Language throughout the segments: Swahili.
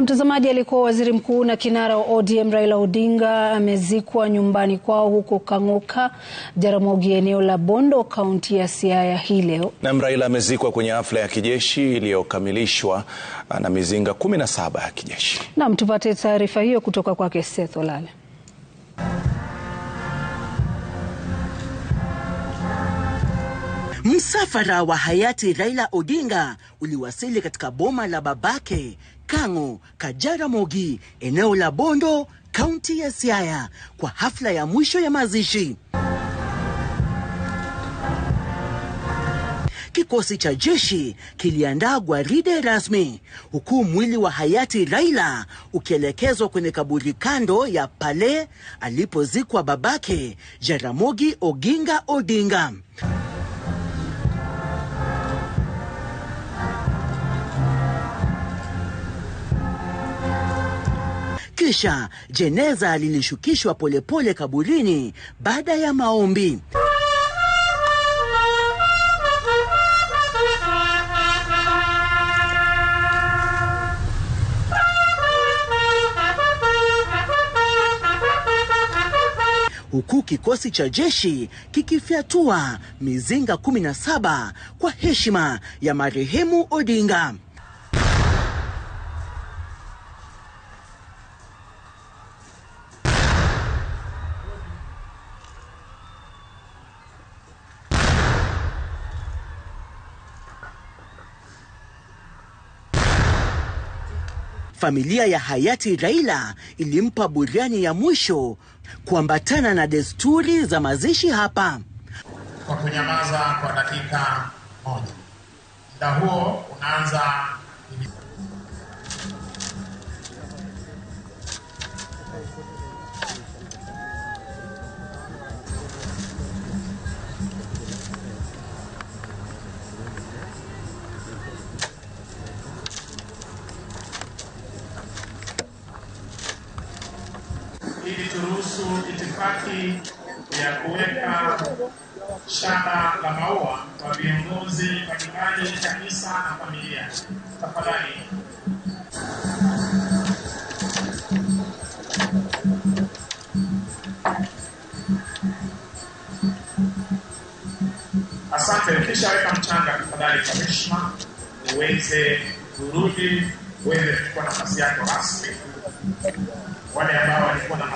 Na mtazamaji, alikuwa waziri mkuu na kinara wa ODM Raila Odinga amezikwa nyumbani kwao huko Kang'oka, Jaramogi, eneo la Bondo, kaunti ya Siaya hii leo. Na Raila amezikwa kwenye hafla ya kijeshi iliyokamilishwa na mizinga 17 ya kijeshi. Naam, tupate taarifa hiyo kutoka kwake Seth Olale. Msafara wa hayati Raila Odinga uliwasili katika boma la babake Kang'o, Mogi, eneo la Bondo, kaunti ya Siaya kwa hafla ya mwisho ya mazishi. Kikosi cha jeshi kiliandaa gwaride rasmi huku mwili wa hayati Raila ukielekezwa kwenye kaburi kando ya pale alipozikwa babake Jaramogi Oginga Odinga. Kisha jeneza lilishukishwa polepole kaburini baada ya maombi. huku kikosi cha jeshi kikifyatua mizinga 17 kwa heshima ya marehemu Odinga. Familia ya hayati Raila ilimpa buriani ya mwisho kuambatana na desturi za mazishi hapa kwa kunyamaza kwa dakika moja. Muda huo unaanza turuhusu itifaki ya kuweka shamba la maua kwa viongozi mbalimbali, kanisa na familia. Tafadhali. Asante. Ukishaweka mchanga, tafadhali kwa heshima uweze kurudi, uweze kuchukua nafasi yako rasmi. Wale ambao walikuwa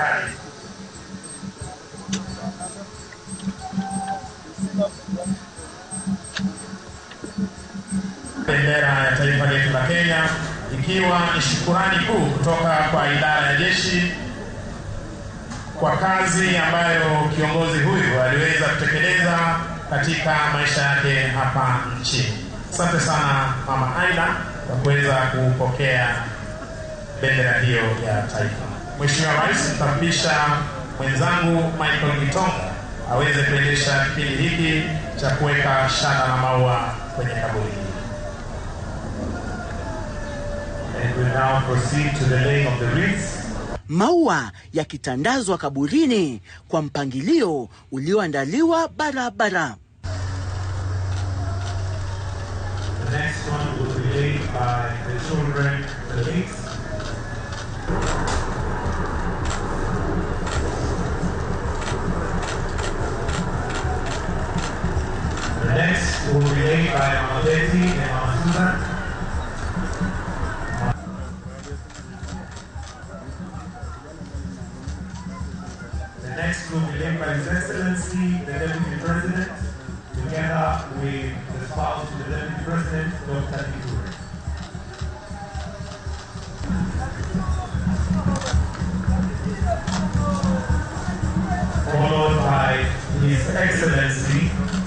serikali. Bendera ya taifa letu la Kenya ikiwa ni shukurani kuu kutoka kwa idara ya jeshi kwa kazi ambayo kiongozi huyu aliweza kutekeleza katika maisha yake hapa nchini. Asante sana Mama Aida kwa kuweza kupokea bendera hiyo ya taifa. Mheshimiwa Rais nitampisha mwenzangu Michael Gitonga aweze kuendesha kipindi hiki cha kuweka shada na maua kwenye kaburi. hili. And we now proceed to the laying of the wreaths. Maua yakitandazwa kaburini kwa mpangilio ulioandaliwa barabara. The next one will be laid by the children, the wreaths. by and The next group will be led by His Excellency, the Deputy President, together with the spouse of the Deputy President, Dr. Niture. Followed by His Excellency,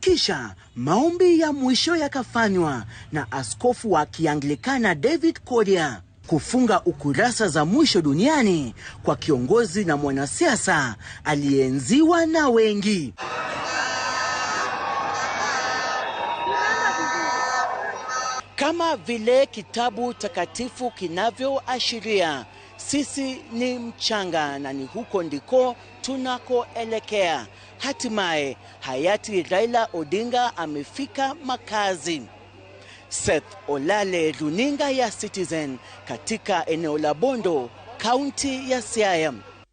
Kisha maombi ya mwisho yakafanywa na askofu wa Kianglikana David Kodia kufunga ukurasa za mwisho duniani kwa kiongozi na mwanasiasa aliyeenziwa na wengi. Kama vile kitabu takatifu kinavyoashiria, sisi ni mchanga na ni huko ndiko tunakoelekea. Hatimaye hayati Raila Odinga amefika makazi. Seth Olale, runinga ya Citizen katika eneo la Bondo, kaunti ya Siaya.